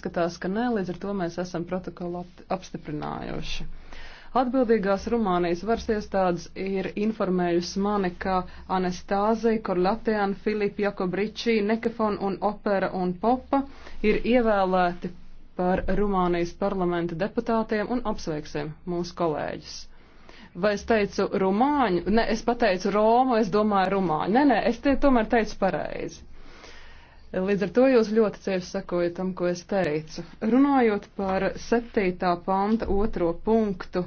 Izskatās, ka nē, līdz ar to mēs esam protokolu apstiprinājuši. Atbildīgās Rumānijas varas iestādes ir informējusi mani, ka Anastāzija, Korlatēna, Filipa Jakobričī, Nekefon un Opera un Popa ir ievēlēti par Rumānijas parlamenta deputātiem un apsveiksim mūsu kolēģus. Vai es teicu rumāņu? Nē, es pateicu Romu, es domāju rumāņu. Nē, nē, es te tomēr teicu pareizi. Līdz ar to jūs ļoti cieši sakojat tam, ko es teicu. Runājot par 7. panta otro punktu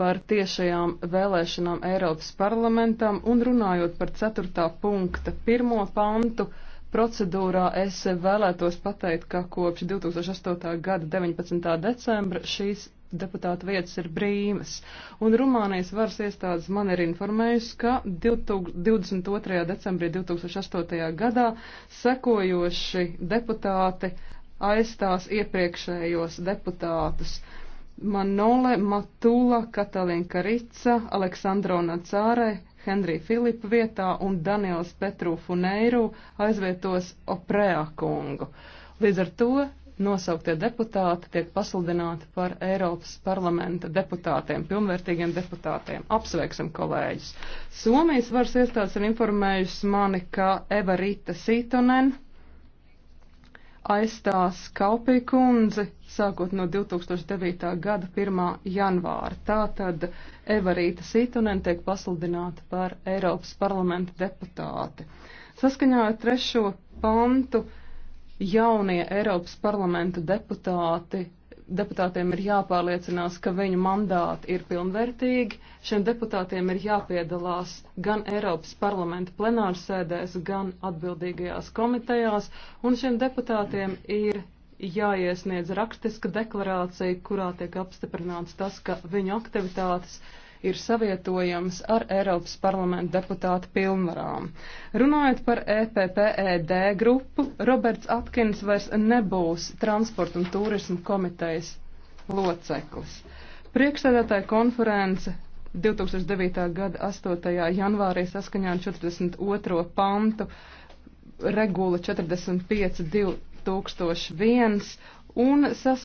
par tiešajām vēlēšanām Eiropas parlamentam un runājot par 4. punkta pirmo pantu, procedūrā es vēlētos pateikt, ka kopš 2008. gada 19. decembra šīs deputāta vietas ir brīvas. Un Rumānijas varas iestādes man ir informējusi, ka 22. decembrī 2008. gadā sekojoši deputāti aizstās iepriekšējos deputātus. Manole, Matula, Katalīna Karica, Aleksandrona Cārē, Henrija Filipa vietā un Daniels Petru Funeiru aizvietos Oprēā kungu. Līdz ar to nosauktie deputāti tiek pasludināti par Eiropas parlamenta deputātiem, pilnvērtīgiem deputātiem. Apsveiksim kolēģus. Somijas varas iestādes ir informējusi mani, ka Eva Rita Sītonen aizstās Kaupī kundzi sākot no 2009. gada 1. janvāra. Tātad Evarīta Sītunen tiek pasludināta par Eiropas parlamenta deputāti. Saskaņā ar trešo pantu jaunie Eiropas parlamenta deputāti deputātiem ir jāpārliecinās, ka viņu mandāti ir pilnvērtīgi. Šiem deputātiem ir jāpiedalās gan Eiropas parlamenta plenārsēdēs, gan atbildīgajās komitejās, un šiem deputātiem ir jāiesniedz rakstiska deklarācija, kurā tiek apstiprināts tas, ka viņu aktivitātes ir savietojams ar Eiropas parlamenta deputāta pilnvarām. Runājot par EPPED grupu, Roberts Atkins vairs nebūs transporta un turismu komitejas loceklis. Priekšsēdētāja konference 2009. gada 8. janvārī saskaņā ar 42. pantu regula 45.2001 un sas